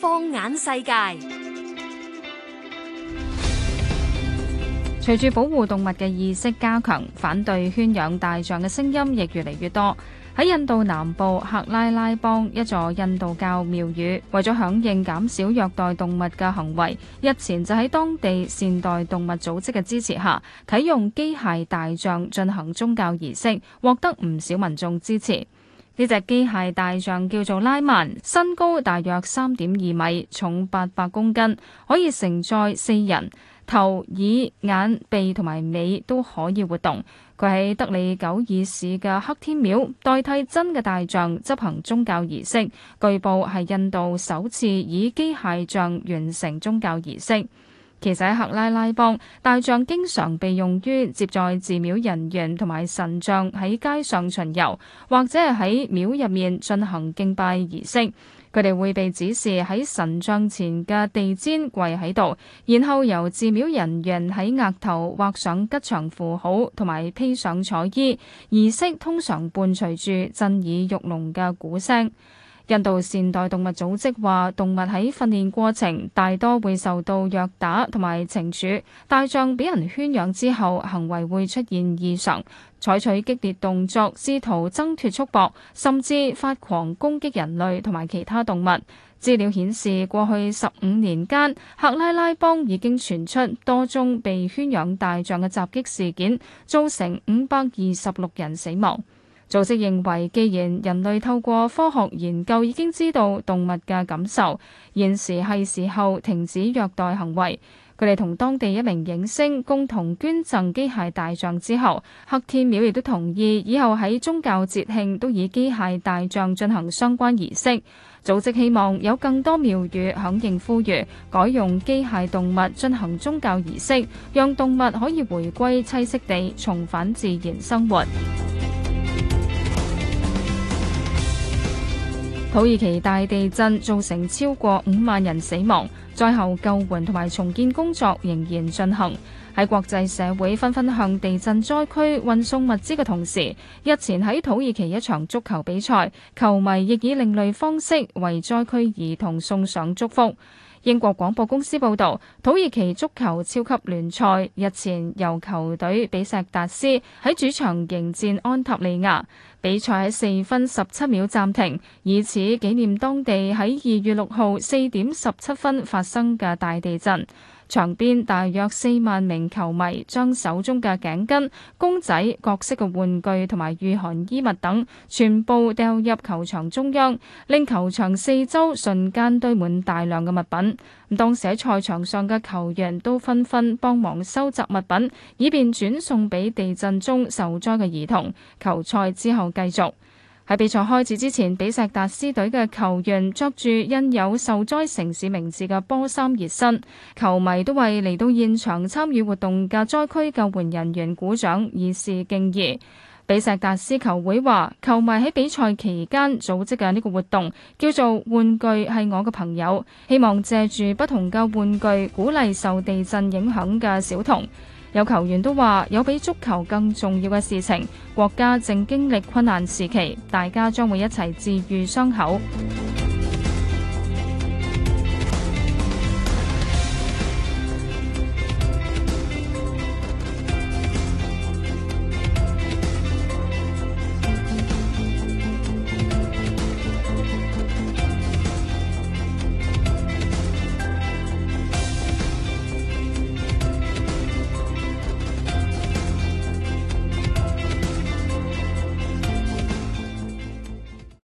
放眼世界，隨住保護動物嘅意識加強，反對圈養大象嘅聲音亦越嚟越多。喺印度南部克拉拉邦一座印度教廟宇，為咗響應減少虐待動物嘅行為，日前就喺當地善待動物組織嘅支持下，啟用機械大象進行宗教儀式，獲得唔少民眾支持。呢隻機械大象叫做拉曼，身高大約三點二米，重八百公斤，可以承載四人。頭、耳、眼、鼻同埋尾都可以活動。佢喺德里久爾市嘅黑天廟，代替真嘅大象執行宗教儀式。據報係印度首次以機械象完成宗教儀式。其實喺克拉拉邦，大象經常被用於接載寺廟人員同埋神像喺街上巡遊，或者係喺廟入面進行敬拜儀式。佢哋會被指示喺神像前嘅地氈跪喺度，然後由寺廟人員喺額頭畫上吉祥符號同埋披上彩衣。儀式通常伴隨住震耳欲聾嘅鼓聲。印度善待動物組織話，動物喺訓練過程大多會受到虐打同埋懲處。大象俾人圈養之後，行為會出現異常，採取激烈動作，試圖掙脫束縛，甚至發狂攻擊人類同埋其他動物。資料顯示，過去十五年間，克拉拉邦已經傳出多宗被圈養大象嘅襲擊事件，造成五百二十六人死亡。組織認為既然人類透過科學研究已經知道動物嘅感受，現時係時候停止虐待行為。佢哋同當地一名影星共同捐贈機械大象之後，黑天廟亦都同意，以後喺宗教節慶都以機械大象進行相關儀式。組織希望有更多廟宇響應呼籲，改用機械動物進行宗教儀式，讓動物可以回歸棲息地，重返自然生活。土耳其大地震造成超過五萬人死亡，災後救援同埋重建工作仍然進行。喺國際社會紛紛向地震災區運送物資嘅同時，日前喺土耳其一場足球比賽，球迷亦以另類方式為災區兒童送上祝福。英國廣播公司報道，土耳其足球超級聯賽日前由球隊比錫達斯喺主場迎戰安塔利亞，比賽喺四分十七秒暫停，以此紀念當地喺二月六號四點十七分發生嘅大地震。場邊大約四萬名球迷將手中嘅頸巾、公仔、各式嘅玩具同埋御寒衣物等，全部掉入球場中央，令球場四周瞬間堆滿大量嘅物品。當時喺賽場上嘅球員都紛紛幫忙收集物品，以便轉送俾地震中受災嘅兒童。球賽之後繼續。喺比賽開始之前，比錫達斯隊嘅球員著住印有受災城市名字嘅波衫熱身，球迷都為嚟到現場參與活動嘅災區救援人員鼓掌，以示敬意。比錫達斯球會話，球迷喺比賽期間組織嘅呢個活動叫做“玩具係我嘅朋友”，希望借住不同嘅玩具鼓勵受地震影響嘅小童。有球員都話：有比足球更重要嘅事情，國家正經歷困難時期，大家將會一齊治癒傷口。